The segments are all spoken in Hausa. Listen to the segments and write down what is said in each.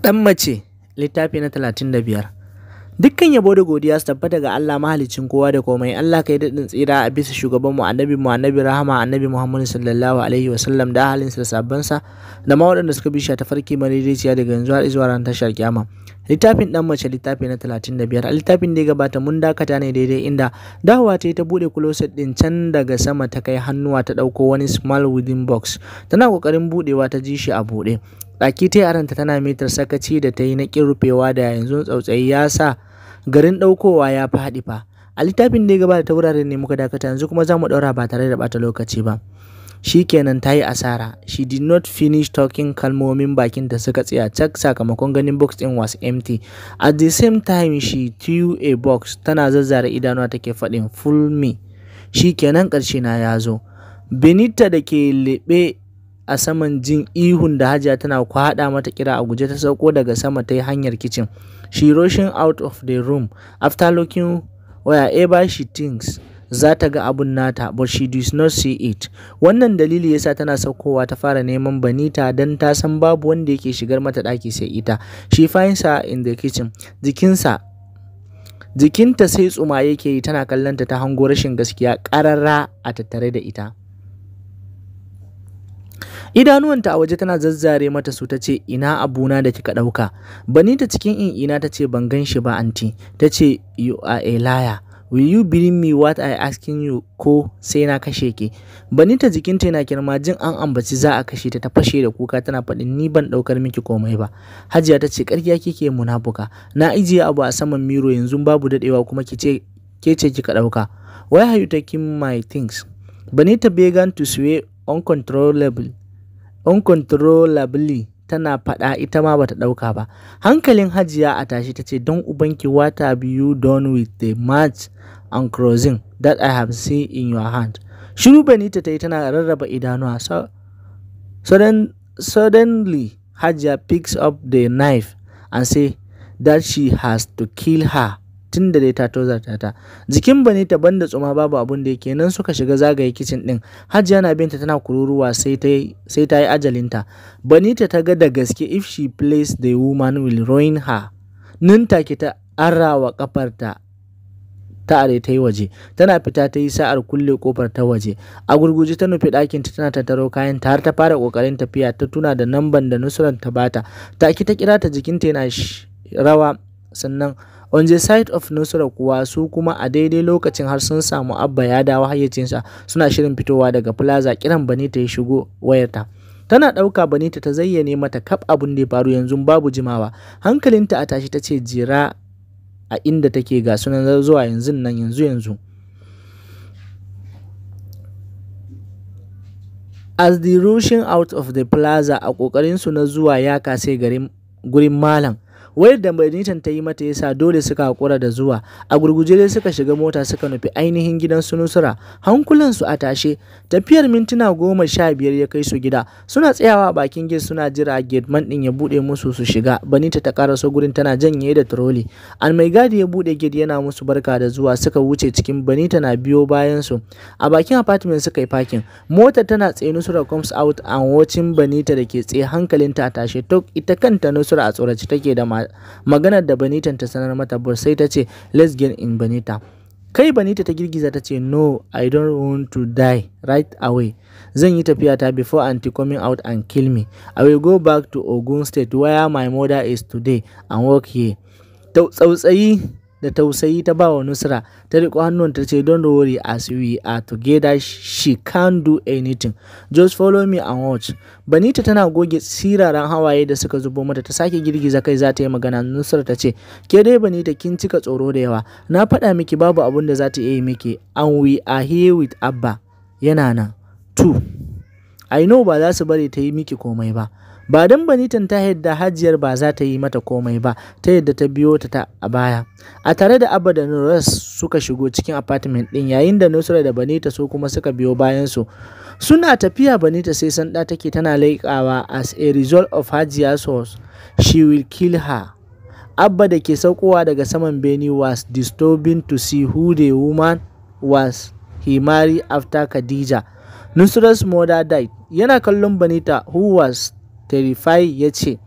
Ɗan mace littafi na talatin da biyar. Dukkan yabo da godiya su tabbata ga Allah mahalicin kowa da komai Allah ka yi daɗin tsira a bisa shugaban mu annabi mu annabi rahama annabi Muhammadu sallallahu alaihi wa sallam da halinsa da sa da ma waɗanda suka bisha ta farki madaidaiciya daga yanzu har zuwa ran tashar kiyama littafin ɗan mace littafi na talatin biyar, a littafin da ya gabata mun dakata ne daidai inda dawowa ta yi ta buɗe closet ɗin can daga sama ta kai hannuwa ta ɗauko wani small within box tana kokarin buɗewa ta ji shi a buɗe Tsaki ta ta tana mitar sakaci da ta yi na ƙin rufewa da yanzu tsautsayi ya sa garin ɗaukowa ya faɗi fa. A littafin da ya gabata ta wuraren ne muka dakata yanzu kuma za mu ɗaura ba tare da ɓata lokaci ba. Shi kenan ta yi asara. She did not finish talking kalmomin bakin da suka tsaya cak sakamakon ganin box ɗin was empty. At the same time she threw a box tana zazzara idanuwa take faɗin full me. Shi kenan ƙarshe na ya zo. Benita da ke leɓe a saman jin ihun da Hajiya tana kwaɗa mata kira a guje ta sauko daga sama ta hanyar kicin. She rushing out of the room after looking wherever she thinks za ta ga abun nata but she does not see it wannan dalili yasa tana saukowa ta fara neman banita don ta san babu wanda yake shigar mata daki sai ita she finds her in the kitchen jikinsa jikinta sai tsuma yake yi tana kallonta ta hango rashin gaskiya ƙarara a tattare da ita idanuwanta a waje tana zazzare mata su tace ina abuna da kika ɗauka banita cikin in ina tace ban gan shi ba anti tace you are a liar will you believe me what I asking you ko sai na kashe ki Bani banita jikinta yana kirma jin an ambaci za a kashe ta ta fashe da kuka tana faɗin ni ban ɗaukar miki komai ba hajiya ta ce ƙarya kike munafuka na ijiye abu a saman miro yanzu babu daɗewa kuma ki ce ke ce kika ɗauka why are you taking my things banita began to sway uncontrollably Uncontrollably tana faɗa ita ma bata ta ɗauka ba. Hankalin Hajiya a tashe ta ce, “Don ubanki what biyu you done with the match and crossing that I have seen in your hand?” Shiru Benita ta yi tana rarraba idanuwa. So, suddenly Hajiya picks up the knife and say that she has to kill her. tun da dai ta tozarta ta jikin ta banda tsuma babu abun da yake nan suka shiga zagaye kicin din hajiya na binta tana kururuwa sai ta yi ajalinta banita ta ga da gaske if she plays the woman will ruin her nan take ta arawa kafarta ta are ta yi waje tana fita ta yi sa'ar kulle kofar ta waje a gurguje ta nufi ɗakin ta tana tattaro kayan ta har ta fara kokarin tafiya ta tuna da namban da nusran ta bata ta ki ta kira ta jikinta yana rawa sannan On the side of Nusra kuwa su kuma a daidai lokacin har sun samu Abba ya dawo hayyacinsa suna shirin fitowa daga plaza kiran Banita ya shigo wayarta. Tana ɗauka Banita ta zayyane mata kaf abin da ya faru yanzu babu jimawa. Hankalinta a tashi ta ce jira a inda take ga sunan zuwa yanzu nan yanzu yanzu. As the rushing out of the plaza a ƙoƙarinsu na zuwa ya kasai garin gurin malam Wai da Benitton ta yi mata yasa dole suka hakura da zuwa a gurguje dai suka shiga mota suka nufi ainihin gidan su nusura. hankulan su a tashe tafiyar mintuna goma sha biyar ya kai su gida suna tsayawa a bakin gate suna jira gate man din ya bude musu su shiga Banita ta karaso gurin tana janye da trolley an mai gadi ya bude gate yana musu barka da zuwa suka wuce cikin banita na biyo bayan su a bakin apartment suka yi parking motar tana tsaye Nusra comes out and watching banita da ke tsaye hankalinta a tashe tok ita kanta Nusra a tsorace take da mata maganar da Banitan ta sanar mata sai ta ce let's get in Banita. Kai Banita ta girgiza ta ce no I don't want to die right away. Zan yi tafiya ta before anti coming out and kill me. I will go back to Ogun state where my mother is today and work here. Tsautsayi da tausayi ta ba wa Nusra ta riko hannun ta ce don worry as we are together she can do anything just follow me and watch Banita tana goge siraran hawaye da suka zubo mata ta sake girgiza kai za ta yi magana Nusra ta ce ke dai Banita kin cika tsoro da yawa na faɗa miki babu abin da za ta yi miki and we are here with Abba yana nan two I know ba za su bari ta yi miki komai ba ba don banitan ta yadda hajiyar ba za ta yi mata komai ba ta yadda ta biyo ta ta a baya a tare da abba da nuras suka shigo cikin apartment din yayin da nusra da banita su kuma suka biyo bayan su suna tafiya banita sai sanda take tana laikawa as a result of hajiya source she will kill her abba da ke saukowa daga saman beni was disturbing to see who the woman was he married after khadija nusra's mother died yana kallon banita who was terrified, ya ce,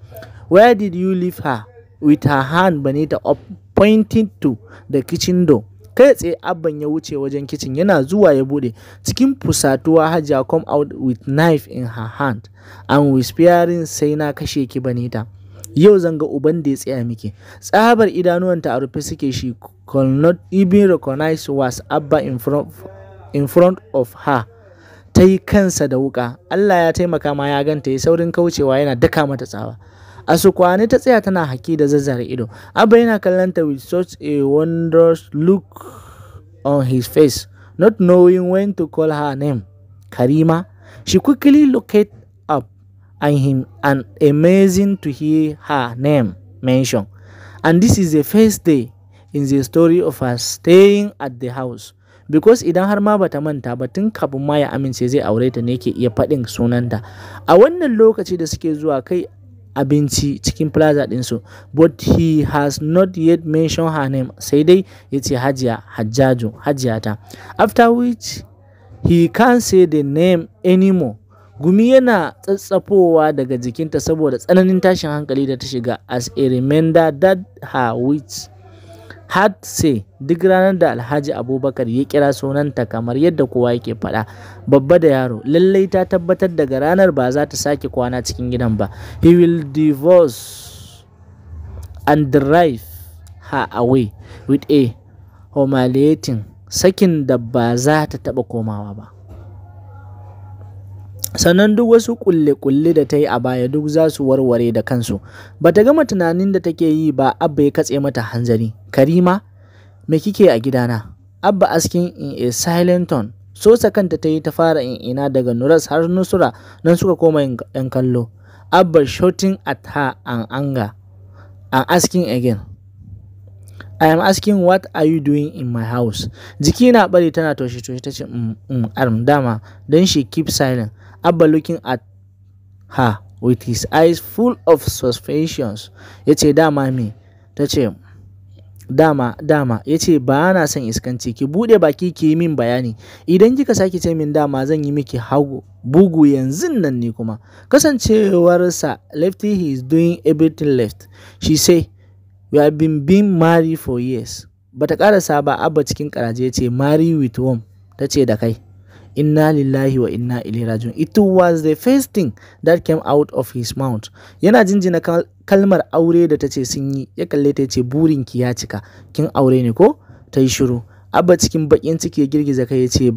Where did you leave her? With her hand beneath up pointing to the kitchen door. Kai tsaye abban ya wuce wajen kitchen yana zuwa ya bude. Cikin fusatuwa Hajiya come out with knife in her hand and whispering sai na kashe ki banita' yau zan ga uban da ya tsaya miki tsabar idanuwanta a rufe suke shi could not even recognize was abba in front, in front of her ta yi kansa da wuka Allah ya taimaka ma ya ganta ya saurin kaucewa yana daka mata tsawa a su sukwane ta tsaya tana haki da zazzare ido abba yana kallon ta with such a wondrous look on his face not knowing when to call her name karima she quickly looked up and him and amazing to hear her name mentioned and this is the first day in the story of her staying at the house because idan har ma bata manta ba tun kafin ma ya amince zai aure ta ne ke iya faɗin sunanta a wannan lokaci da suke zuwa kai abinci cikin plaza ɗinsu but he has not yet mentioned her name sai dai ya ce hajiya Hajiya ta, after which he can't say the name anymore gumi yana tsatsafowa daga jikinta saboda tsananin tashin hankali da ta shiga as a reminder that her wits sai duk ranar da Alhaji Abubakar ya kira sunanta kamar yadda kowa yake faɗa babba da yaro lallai ta tabbatar daga ranar ba za ta sake kwana cikin gidan ba. He will divorce and drive her away with a humiliating sakin da ba za ta taɓa komawa ba. sannan duk wasu kulle-kulle da ta yi a baya duk za su warware da kansu ba ta gama tunanin da take yi ba abba ya katse mata hanzari karima me kike a gidana abba askin in a silent tone sosa kanta ta yi ta fara in ina daga nuras har nusura nan suka koma yan kallo abba shooting at her an anger and asking again I am asking what are you doing in my house? Jiki na bari tana toshe toshe ta ce mm, mm, dama don she keep silent. Abba looking at her with his eyes full of suspicions ya ce dama me ta ce dama dama ya ce ba na son iskanci ki bude baki ki yi min bayani idan kika sake ce min dama zan yi miki hagu bugu yanzu nan ne kuma kasancewarsa lefty he is doing everything left she say we have been being married for years bata karasa ba abba cikin karaje ya ce marry with whom ta ce da kai inna lillahi wa inna ilaihi rajiun it was the first thing that came out of his mouth yana jinjina kalmar aure da ta ce sun yi ya kalle ta ce ki ya cika kin aure ne ko ta yi shiru abba cikin bakin ciki ya girgiza kai ya ce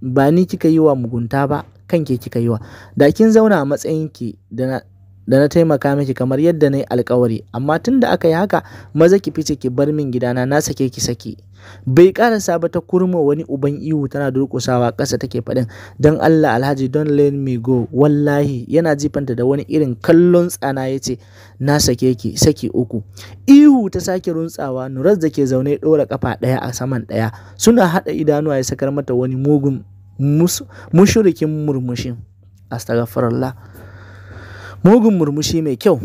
ba ni kika yi wa mugunta ba kanke kika yi wa da kin zauna a matsayinki da da na taimaka miki kamar yadda na yi alkawari amma tun da aka yi haka maza ki fice ki bar min gidana na sake ki saki bai karasa ba ta kurma wani uban ihu tana durkusawa ƙasa take faɗin don allah alhaji don let me go wallahi yana jifanta da wani irin kallon tsana ya ce na sake ki saki uku ihu ta sake runtsawa nuras da ke zaune ɗora kafa ɗaya a saman ɗaya suna haɗa idanuwa ya sakar mata wani mugun mushurikin murmushin astaghfirullah mugun murmushi mai kyau.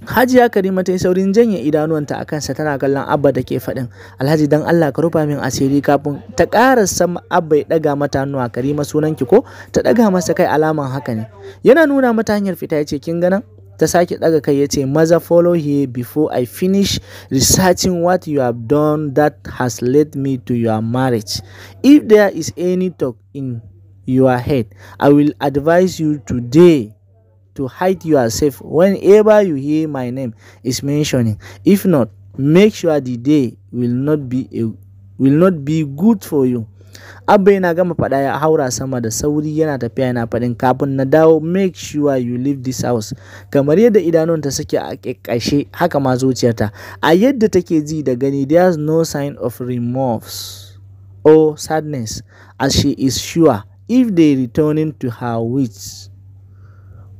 Hajiya Karima ta yi saurin janye idanuwanta a kansa tana kallon Abba da ke faɗin Alhaji dan Allah ka rufa min asiri kafin ta ƙara san Abba ya ɗaga mata hannuwa Karima sunan ki ko ta ɗaga masa kai alaman haka ne. Yana nuna mata hanyar fita ya ce kin ganan ta sake ɗaga kai ya ce maza follow here before I finish researching what you have done that has led me to your marriage. If there is any talk in your head, I will advise you today to hide yourself whenever you hear my name is mentioning. If not, make sure the day will not be a, will not be good for you. Abba yana gama faɗa ya haura sama da sauri yana tafiya yana faɗin kafin na dawo make sure you leave this house kamar yadda idanunta suke a ƙaƙƙashe haka ma zuciyarta a yadda take ji da gani there's no sign of remorse or sadness as she is sure if they returning to her wits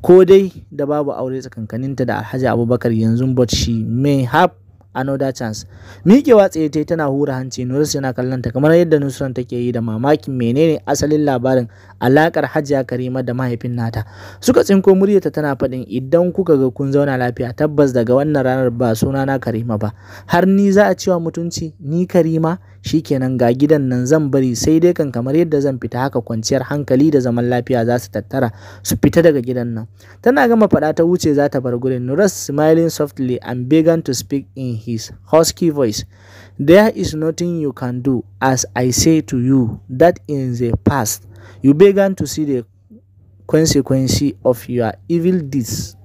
Ko dai da babu aure tsakankaninta da Alhaji Abubakar yanzu but she may have another chance. Miƙewa tsaye tai tana hura hanci Nurse yana kallon ta kamar yadda Nusran take yi da mamakin menene asalin labarin alakar Hajiya Karima da mahaifin nata. Suka tsinko muryarta tana faɗin idan kuka ga kun zauna lafiya tabbas daga wannan ranar ba suna na Karima ba. Har ni za a cewa mutunci ni Karima Shi kenan ga gidan nan zan bari sai dai kan kamar yadda zan fita haka kwanciyar hankali da zaman lafiya za su tattara su fita daga gidan nan tana gama faɗa ta wuce za ta bar gurin Nuras smiling softly and began to speak in his husky voice there is nothing you can do as I say to you that in the past you began to see the consequence of your evil deeds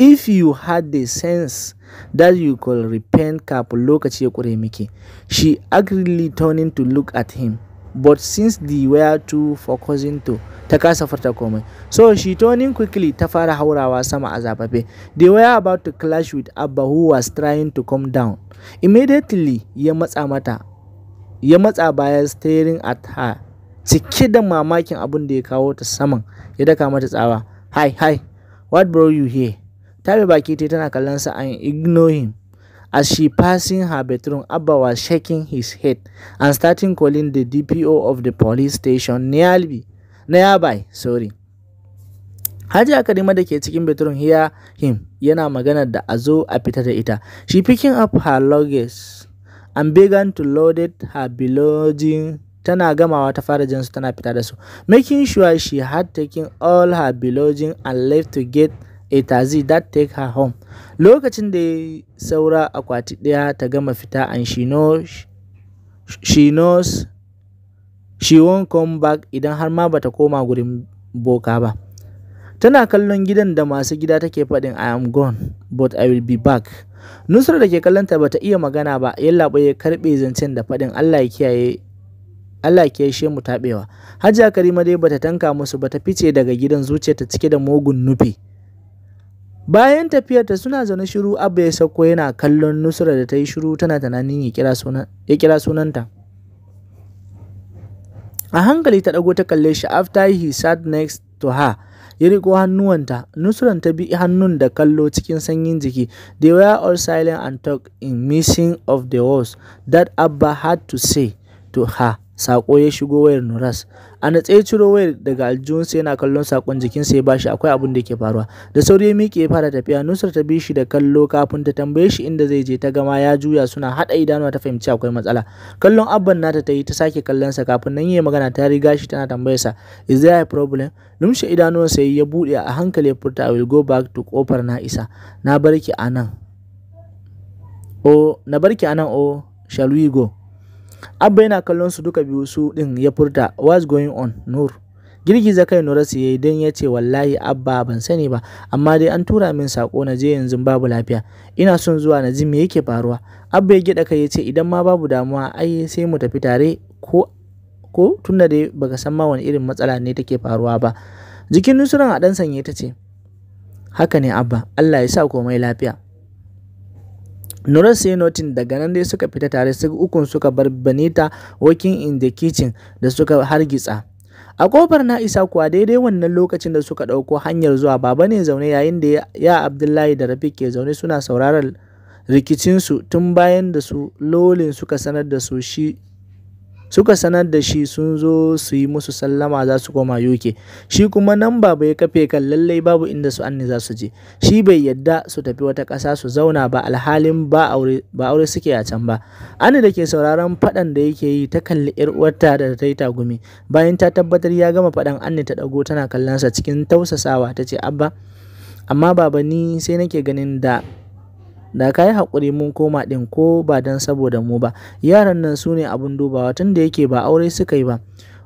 if you had the sense that you could repent kafin lokaci ya ƙure miki. She angrily turning to look at him, but since the were too focusing to ta kasa furta komai. So she turning quickly ta fara haurawa sama a zafafe. They were about to clash with Abba who was trying to come down. Immediately ya matsa mata, ya matsa baya staring at her. Cike da mamakin abin da ya kawo ta saman ya daka mata tsawa. Hi, hi, what brought you here? Tabe baki ta tana kallon sa and ignore him. As she passing her bedroom, Abba was shaking his head and starting calling the DPO of the police station nearby. nearby sorry. Hajiya Karima da ke cikin bedroom hear him yana maganar da a zo a fita da ita. She picking up her luggage and began to load it her belongings tana gamawa ta fara jinsu tana fita da su making sure she had taken all her belongings and left to get a eh, taxi that take her home. Lokacin da ya saura akwati ɗaya ta gama fita and she knows, she knows she won't come back idan har ma bata koma gurin boka ba. Tana kallon gidan da masu gida take faɗin I am gone but I will be back. Nusra da ke kallonta bata iya magana ba yallaɓa ya karɓe zancen da faɗin Allah ya kiyaye Allah ke mu taɓewa. Hajiya Karima dai bata tanka musu bata fice daga gidan zuciyarta cike da mugun nufi. bayan tafiyarta suna zaune shiru abba ya sauko yana kallon nusra da ta yi shiru tana tunanin ya kira sunanta a hankali ta ɗago ta kalle shi after he sat next to her ya riko hannuwanta nusran ta bi hannun da kallo cikin sanyin jiki they were all silent and talk in missing of the words that abba had to say to her sako ya shigo wayar nuras a natse ya ciro wayar daga aljihunsa yana kallon sakon jikin sai bashi akwai abin da ke faruwa da sauri ya miƙe ya fara tafiya nusar ta bi shi da kallo kafin ta tambaye shi inda zai je ta gama ya juya suna haɗa idanuwa ta fahimci akwai matsala kallon abban nata ta yi ta sake kallon sa kafin nan yayi magana ta riga shi tana sa is there a problem numshe sai ya buɗe a hankali ya furta i will go back to kofar na isa na barki anan o oh, na barki anan o oh, shall we go Abba yana kallon su duka biyu su ɗin ya furta, "What's going on, Nur?" Girgiza kai nura ya yi don ya ce, "Wallahi Abba ban sani ba, amma dai an tura min sako na je yanzu babu lafiya. Ina son zuwa na ji me yake faruwa." Abba ya gida kai ya ce, "Idan ma babu damuwa, ai sai mu tafi tare ko ko tunda dai baka san ma wani irin matsala ne take faruwa ba." Jikin Nusran a dan sanye ta ce, "Haka ne Abba, Allah ya sa komai lafiya." Nuran sai notin daga nan dai suka fita tare su ukun suka bar Benita working in the kitchen da suka hargitsa. A kofar na isa kuwa daidai wannan lokacin da suka ɗauko hanyar zuwa baba ne zaune yayin da ya Abdullahi da Rafiq ke zaune suna sauraron rikicinsu tun bayan da su lolin suka sanar da su shi suka sanar da shi sun zo su yi musu sallama za su koma UK shi kuma nan ba bai kafe kan lallai babu inda su anni za su je shi bai yadda su tafi wata ƙasa su zauna ba alhalin ba aure ba aure suke a can ba Anni da ke sauraron faɗan da yake yi ta kalli ƴar uwarta da ta yi tagumi bayan ta tabbatar ya gama faɗan Anni ta ɗago tana kallonsa cikin tausasawa ta ce abba amma baba ni sai nake ganin da da ka yi haƙuri mun koma ɗin ko ba don saboda mu ba yaran nan su ne abin dubawa tun da yake ba aure suka yi ba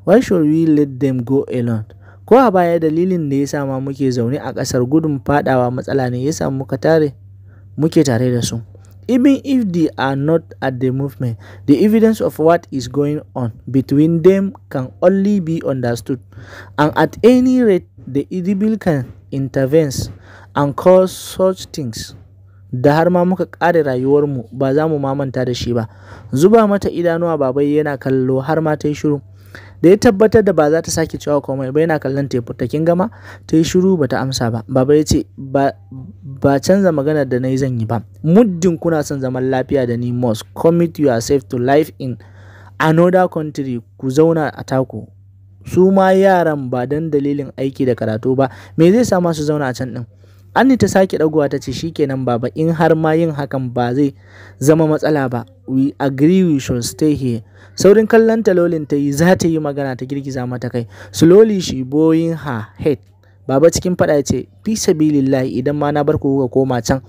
why should we let them go alone ko a baya dalilin da ya sama muke zaune a ƙasar gudun fadawa matsala ne ya sa muka tare muke tare da su even if they are not at the movement the evidence of what is going on between them can only be understood and at any rate the individual can intervene and cause such things da har ma muka ƙare rayuwarmu ba za mu mamanta da shi ba. Zuba mata idanuwa babai yana kallo har ma ta yi shiru. Da ya tabbatar da ba za ta sake cewa komai ba yana kallon ta kin gama ta yi shiru ba ta amsa ba. Baba ya ce ba canza maganar da na yi zan yi ba. Muddin kuna son zaman lafiya da ni must commit yourself to life in another country ku zauna a taku su ma yaran ba don dalilin aiki da karatu ba me zai sa masu zauna a can ɗin Anni ta sake ɗagowa ta ce shi shikenan baba in har ma yin hakan ba zai zama matsala ba. We agree we should stay here. Saurin kallon talolin ta yi za ta yi magana ta girgiza mata kai. Slowly she bowing her head. Baba cikin faɗa ce fi sabilillahi idan ma na bar ku kuka koma can.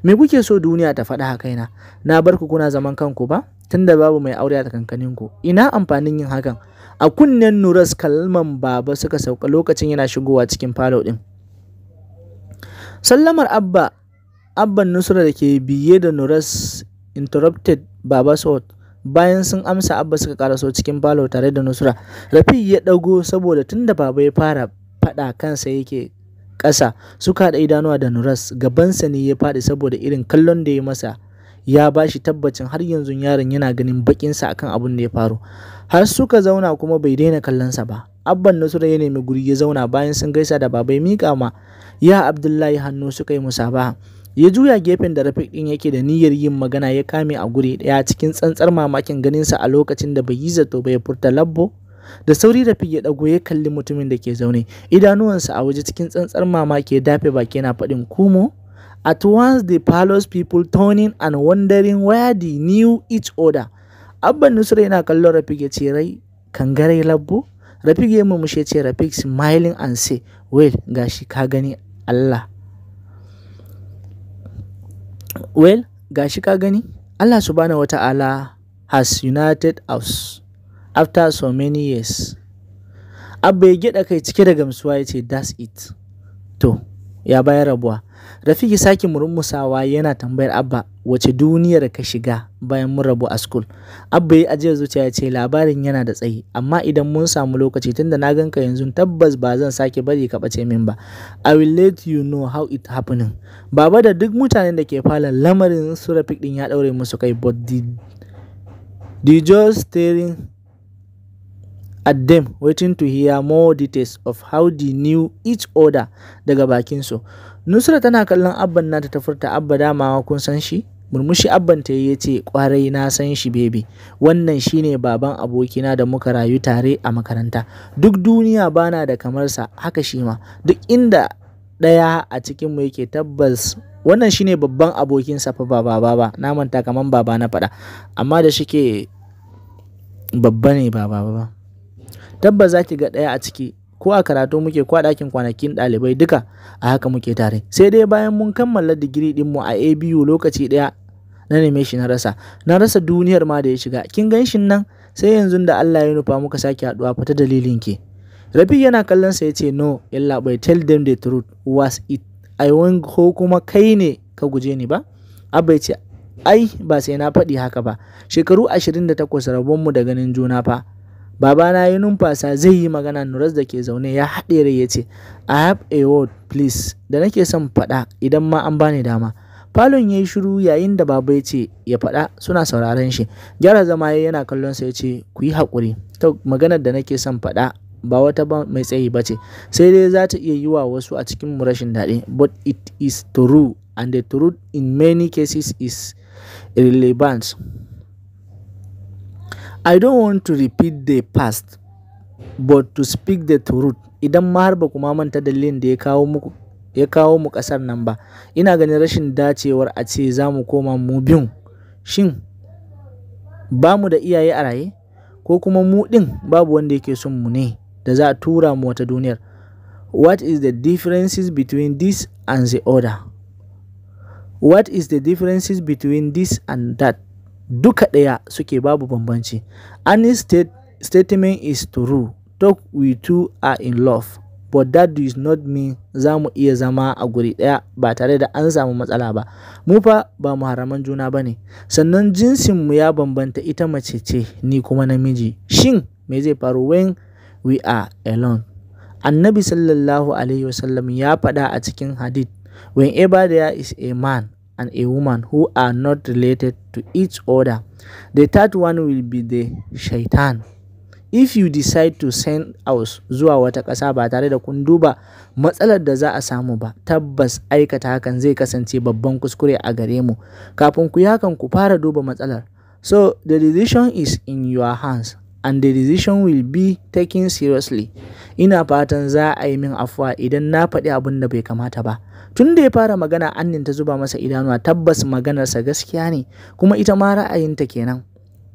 Me kuke so duniya ta faɗa kaina? Na bar ku kuna zaman kanku ba? Tunda babu mai aure a kankanin ku. Ina amfanin yin hakan? A kunnen Nuras kalman baba suka sauka lokacin yana shigowa cikin falo ɗin. Sallamar Abba Abban Nusra da ke biye da nuras Interrupted Babasawob bayan sun amsa Abba suka karaso cikin falo tare da Nusra. Rafi ya ɗago saboda tunda Baba ya fara faɗa kansa yake ƙasa suka haɗa idanuwa da Nuras gabansa ne ya faɗi saboda irin kallon da ya masa ya bashi tabbacin har yanzu yaron yana ganin bakinsa akan abin da ya faru har suka zauna kuma bai daina kallonsa ba abban nusra ya nemi guri ya zauna bayan sun gaisa da babai ya miƙa ma ya abdullahi hannu suka yi musabaha ya juya gefen da rafiq din yake da niyyar yin magana ya kame a guri daya cikin tsantsar mamakin ganin sa a lokacin da bai yi zato ba ya furta labbo da sauri rafiq ya dago ya kalli mutumin da ke zaune idanuwansa a waje cikin tsantsar mamaki ya dafe baki yana faɗin kumo at once the palos people turning and wondering where the knew each other abban nusra yana kallon rafiq ya ce rai kangare labbo Rafik ya murmushi ya ce Rafik smiling and say well gashi ka gani Allah. Well gashi ka gani Allah subhanahu wata'ala has united us after so many years. Abba ya gyaɗa kai cike da gamsuwa ya ce that's it. To ya bayar rabuwa Rafiki sake murmusawa yana tambayar Abba wace duniyar ka shiga bayan mun rabu a school. Abba ya ajiyar zuciya ya ce labarin yana da tsayi amma idan mun samu lokaci tunda na ganka yanzu tabbas ba zan sake bari ka bace min ba. I will let you know how it happening. Baba da duk mutanen da ke falon lamarin su Rafiki din ya daure musu kai but the, the just staring at them waiting to hear more details of how they knew each other daga bakin su. Nusra tana kallon abban nata ta furta abba damawa kun san shi? Murmushi abban ta ya ce kwarai na san shi bebe wannan shine baban abokina da muka rayu tare a makaranta duk duniya bana da kamarsa haka shi ma duk inda ɗaya a cikinmu yake tabbas wannan shine babban abokinsa fa ba baba ba na manta kaman baba na faɗa amma da shike babba ne baba baba tabbas za ki ga ɗaya a ciki ko a karatu muke ko a ɗakin kwanakin ɗalibai duka a haka muke tare sai dai bayan mun kammala digiri ɗinmu a abu lokaci ɗaya na neme shi na rasa na rasa duniyar ma da ya shiga kin gan nan sai yanzu da Allah ya nufa muka sake haɗuwa fata dalilin ki Rabi yana kallon sa yace no yalla bai tell them the truth was it I ko kuma kai ne ka guje ni ba abba yace ai ba sai na faɗi haka ba shekaru 28 mu da ganin juna fa Babana ya numfasa zai yi magana nuras da ke zaune ya haɗe rai ya ce, I have a word please da nake son faɗa idan ma an bani dama. Falon ya yi shiru yayin da Baba ya ce ya faɗa suna sauraren shi. Gyara zama ya yana sa ya ce, Ku yi haƙuri, ta maganar da nake son faɗa ba wata ba mai tsayi ba ce, sai dai za ta iya yi wa wasu a cikinmu rashin daɗi. But it is true and the truth in many cases is irrelevant. I don't want to repeat the past, but to speak the truth, idan ma har ba ku manta dalilin da ya kawo mu ƙasar nan ba, ina ganin rashin dacewar a ce za mu koma mu biyun. Shin ba mu da iyaye a raye? Ko kuma mu din babu wanda yake son mu ne da za a tura mu wata duniyar? What is the differences between this and the other? What is the differences between this and that? duka ɗaya suke babu bambanci. Annie's statement is true, Talk we two are in love, but that does not mean za mu iya zama a guri ɗaya ba tare da an samu matsala ba. Mu fa ba mu haraman juna ba ne, sannan jinsinmu ya bambanta ita mace ce ni kuma namiji. Shin me zai faru when we are alone? Annabi sallallahu Alaihi wasallam ya faɗa a cikin hadith, whenever there is a man and a woman who are not related to each other. The third one will be the shaitan. If you decide to send out zuwa wata ƙasa ba tare da kun duba matsalar da za a samu ba, tabbas aikata hakan zai kasance babban kuskure a gare mu. Kafin ku yi hakan ku fara duba matsalar. So the decision is in your hands. and the decision will be taken seriously. Ina fatan za a yi min afuwa idan na faɗi abin da bai kamata ba. Tun da ya fara magana Annin ta zuba masa idanuwa tabbas maganarsa gaskiya ne kuma ita ma ra'ayinta kenan.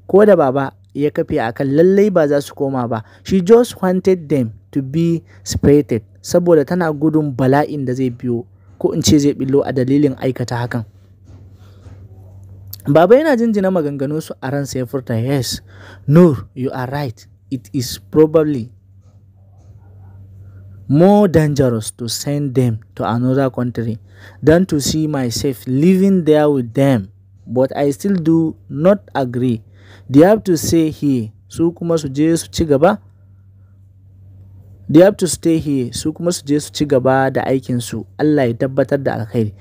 Ko da baba ya kafe akan lallai ba za su koma ba, she just wanted them to be separated saboda tana gudun bala'in da zai biyo ko in ce zai billo a dalilin aikata hakan. Baba yana jinjina maganganun su a ransa ya furta, "Yes, Nur, you are right. It is probably more dangerous to send them to another country than to see myself living there with them. But I still do not agree. They have to stay here, su kuma su je su ci gaba. They have to stay here, su kuma su je su ci gaba da aikinsu. Allah ya tabbatar da alkhairi.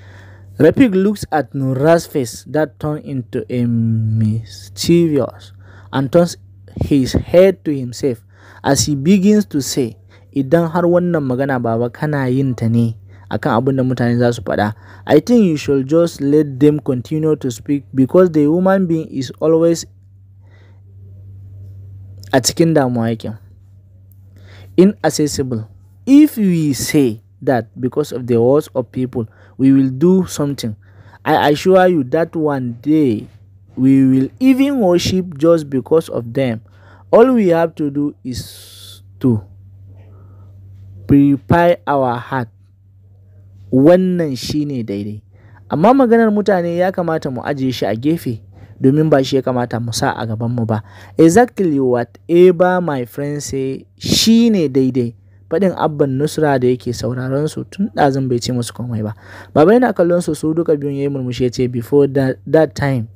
Rafic looks at Noura's face that turns into a mischievous and turns his head to himself as he begins to say, Idan har wannan magana baba kana yin ta ne akan abin da mutane za su faɗa. I think you should just let them continue to speak because the human being is always a cikin damuwa yake. Inaccessible. If we say that because of the words of people, we will do something. I assure you that one day we will even worship just because of them. All we have to do is to prepare our heart. Wannan shi ne daidai. Amma maganar mutane ya kamata mu ajiye shi a gefe domin ba shi ya kamata mu sa a gabanmu ba. Exactly whatever my friend say shi ne daidai. faɗin abban nusra da yake sauraron su tun ɗazun bai ce musu komai ba baba yana kallon su su duka biyun ya yi murmushi ya ce before that, time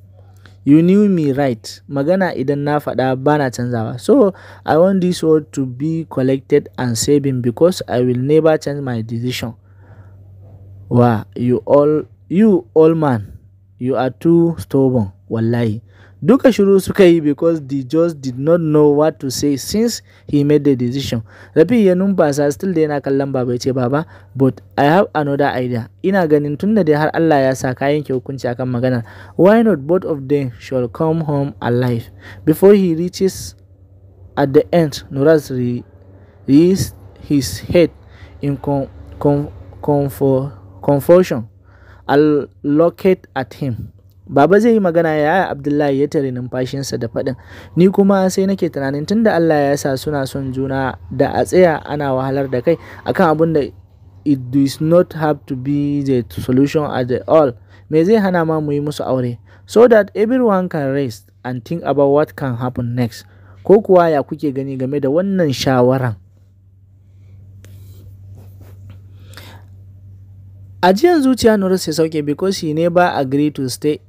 you knew me right magana idan na faɗa bana canzawa so i want this word to be collected and saving because i will never change my decision wa wow, you all you all man You are too stubborn, wallahi. Duka shiru suka yi because the judge did not know what to say since he made the decision. Rafi ya numfasa still da yana kallon baba ya ce baba but I have another idea. Ina ganin tun da dai har Allah ya sa ka yanke hukunci akan magana. Why not both of them shall come home alive before he reaches at the end Nuraz raised his head in com com com confusion. allocate at him. Baba zai yi magana ya yaya Abdullahi ya tare numfashinsa da faɗin, Ni kuma sai nake tunanin tunda Allah ya sa suna son juna da a tsaya ana wahalar da kai akan abin da it does not have to be the solution at the all. Me zai hana ma mu yi musu aure? So that everyone can rest and think about what can happen next. Ko kuwa ya kuke gani game da wannan shawaran? Ajiyan zuciya Norris ya sauke because he never agreed to stay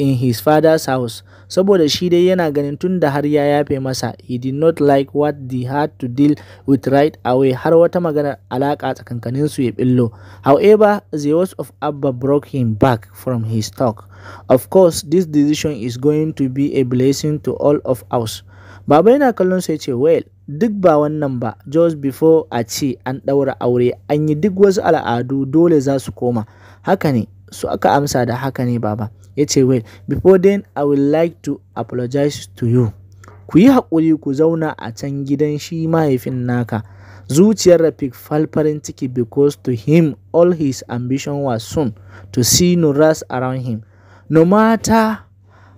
in his father's house saboda shi dai yana ganin tun da har ya yafe masa he did not like what they had to deal with right away har wata maganar alaka tsakankanin su ya billo however the words of abba broke him back from his talk of course this decision is going to be a blessing to all of us Baba yana kallon sa ya ce, Well, duk ba wannan ba, just before a ce an ɗaura aure, an yi duk wasu al'adu dole za su koma. Haka ne, su aka amsa da haka ne baba. Ya ce, Well, before then I would like to apologize to you. Ku yi haƙuri ku zauna a can gidan shi mahaifin naka. Zuciyar Rafik falfarin farin ciki because to him all his ambition was soon to see Nuras around him. No matter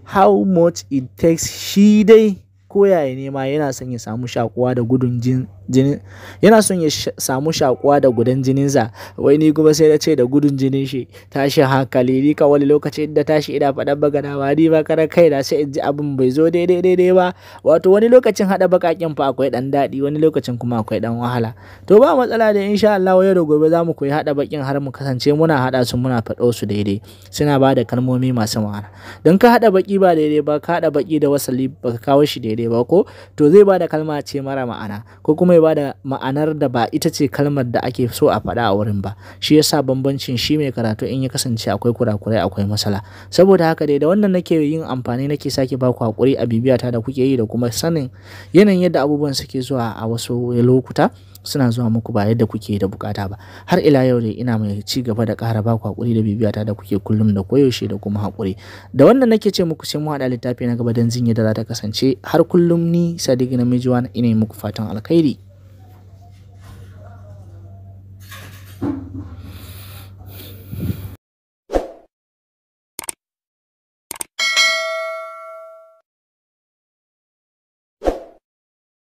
how much it takes, shi dai koyaye nema ne ma yana son ya samu shakuwa da gudun jin jini yana son ya samu shakuwa da gudan jininsa wai ni kuma sai na ce da gudun jinin shi tashi hankali ni ka wani lokaci da tashi ina bagana ba ni ba kana kai na sai in ji abin bai zo daidai daidai ba wato wani lokacin haɗa baƙaƙen fa akwai ɗan daɗi wani lokacin kuma akwai ɗan wahala to ba matsala da insha Allah yau da gobe za mu koyi haɗa baƙin har mu kasance muna haɗa su muna faɗo su daidai suna ba da kalmomi masu ma'ana don ka haɗa baƙi ba daidai ba ka haɗa baƙi da wasali ba ka kawo shi daidai ba ko to zai ba da kalma ce mara ma'ana ko kuma kawai ba da ma'anar da ba ita ce kalmar da ake so a faɗa a wurin ba shi yasa bambancin shi mai karatu in ya kasance akwai kurakurai akwai matsala, saboda haka dai da wannan nake yin amfani nake sake ba ku hakuri a bibiyata da kuke yi da kuma sanin yanayin yadda abubuwan suke zuwa a wasu lokuta suna zuwa muku ba yadda kuke da bukata ba har ila yau dai ina mai ci gaba da ƙara ba ku hakuri da bibiyata da kuke kullum da koyaushe da kuma hakuri da wannan nake ce muku sai mu hada littafi na gaba don zinye da za ta kasance har kullum ni sadiq namiji wani ina muku fatan alkhairi